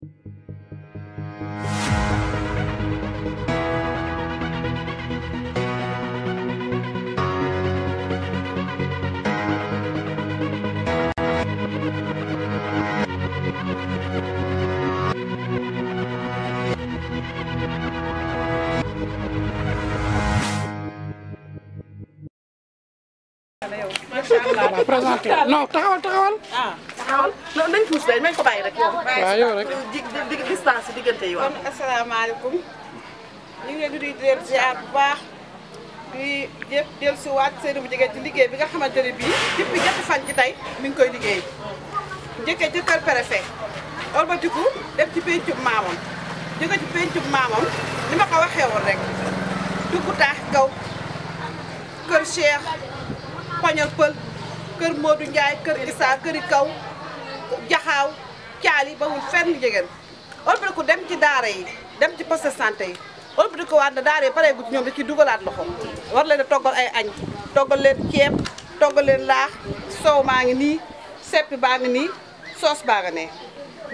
macha allah présenté non taxawal taxawal. Ah. non nañ puus rek nañ ko diggante yi waaw. kon asalaamaaleykum ñu ngi leen di leen ziar bu baax di jëf dellusiwaat seen bu jigéen ci liggéey bi nga xamante ne bii depuis ñetti fan ci tey mi ngi koy liggéey njëkkee ci kër préfet olbatiku def ci pencub maamam jóge ci pencub maamam ni ma ko waxee woon rek dugg taax kaw kër Cheikh pañal pël kër Modou Ndiaye kër Issa këri kaw jaxaaw caali bawul fenn jigéen ëlbati ko dem ci daara yi dem ci poste santé yi ëlbati ko waat na daara yi pareegu ci ñoom da ciy dugalaat loxo war leen a toggal ay añ toggal leen ceeb toggal leen laax soow maa ngi nii seppi baa ngi nii soos baa nga ne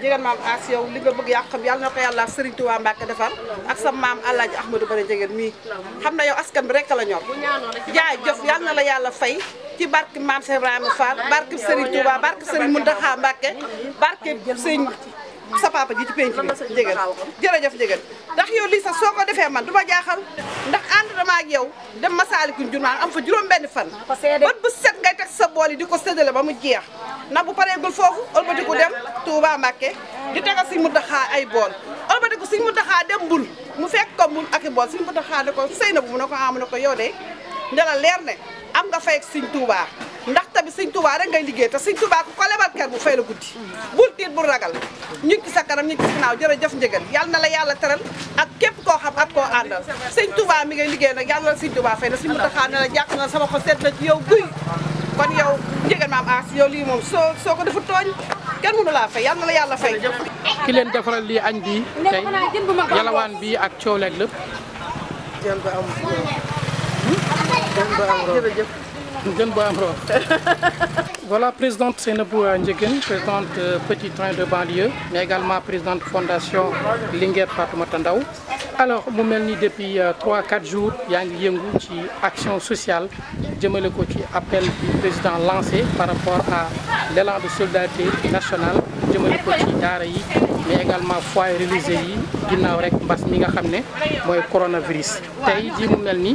jigéen maam as yow li nga bëgg yaa xam yàlla na ko yàlla Serigne Touba Mbacke defar ak sa maam El Hadj Ahmadou Bari jigéen mii xam na yow askan bi rek la ñor jaay jëf yàlla la yàlla fay ci barke Maam Cheikh Ibrahima Fall barke Serigne Touba barke Serigne Mountakha Mbacké barke Serigne sa papa ji ci penc bi jégal jërëjëf jégal ndax yow lii sax soo ko defee man du ma jaaxal ndax ànd dama ak yow dem Masaalikul Jinaan am fa juróom benn fan bët bu set ngay teg sa bool yi di ko séddale ba mu jeex ndax bu pareegul foofu di ëlbatiku dem Touba Mbacké di a tegal Serigne Mountakha ay bool ëlbatiku Serigne Mountakha dem bul mu fekk ko mbul ak i bool Serigne Mountakha ne ko sëy na bu mu ne ko amu ah, ne ko yow de ndela leer ne am nga fay ak tuuba ndax tamit Sëñ Tuubaa rek ngay liggéey te Sëñ Tuubaa ku ko lebal ker bu fay la guddi bul tiit bul ragal ñu ngi ci sa kanam ñu ngi jërëjëf njëgal yal na la yàlla teral ak képp koo xam ak koo àndal Sëñ Tuubaa mi ngay liggéey na yàlla la Sëñ Tuubaa fay na Sëñ Muntaxaa ne la jàpp na sama xol seet na ci yow guy kon yow njëgal maam as yow lii moom soo soo ko defu tooñ kenn mënu laa fay yal na la yàlla fay ki leen defaral lii añ bi tey yalawaan bi ak coow leeg lépp jërëjëf gën bu am roof voilà présidente Seynabou Ndiéguène présidente petit train de banlieue mais également présidente fondation Linguère Fatoumata Ndaw alors mu mel ni depuis euh, trois quatre jours yaa ngi yëngu ci action sociale jëmale ko ci appel du président lancé par rapport à l'élan de solidarité nationale jëmale ko ci daara yi mais également foyer religieux yi ginnaaw rek mbas mi nga xam ne mooy coronavirus tey jii mu mel ni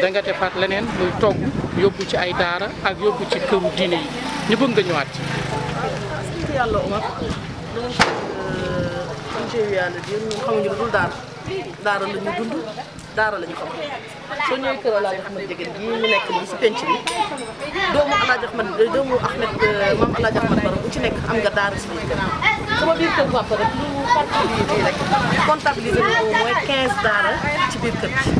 danga nga defaat leneen muy togg yóbbu ci ay daara ak yóbbu ci këru diine yi ñu bëgg nga ñëwaat ci. sant yàlla Omar euh, donc la ñu dund daara la ñu xam soo ñëwee kër laa nga xam ne jigéen mu nekk nii si penc bi doomu Ahmed euh, doomu Ahmed euh, maam El Hadj Ahmed bu ci nekk am nga daara si biir kër sama biir kër papa rek lu comptabiliser rek comptabiliser na au moins 15 daara ci biir kër gi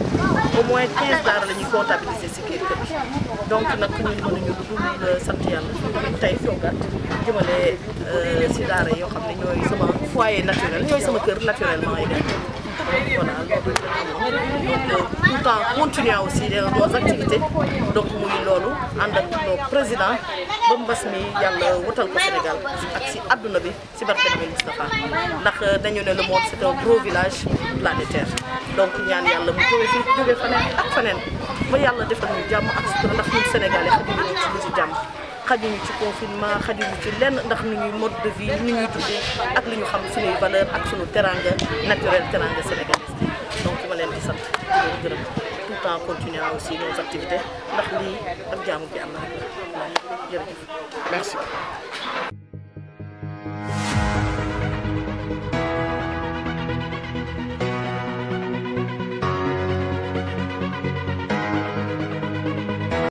au moins la ñuy comptabiliser si biir kër gi donc nag ñun mënuñu lu dul euh, yàlla tey Sokone jëmale si daara yoo xam ne ñooy sama foyer naturel ñooy sama kër naturellement yi dem. tout le temps continuer aussi nos activités donc muy loolu ànd ak nos président ba mi yàlla wutal ko Sénégal ak si àdduna bi si barke Nabi Moustapha ndax dañu ne le monde c'est un gros village planétaire donc ñaan yàlla mu jóge fi jóge faneen ak faneen ba yàlla defal ñu jàmm ak sutura ndax jàmm xajuñu ci confinement xajuñu ci lenn ndax nu ñuy mode de vie nu ñuy dundee ak li ñu xam suñuy valeur ak suñu teranga naturel teranga sénégalaise donc ma leen di sant di leen gërëm tout temps continuer aussi nos activités ndax lii ak jaamu bi am na jërëjëf merci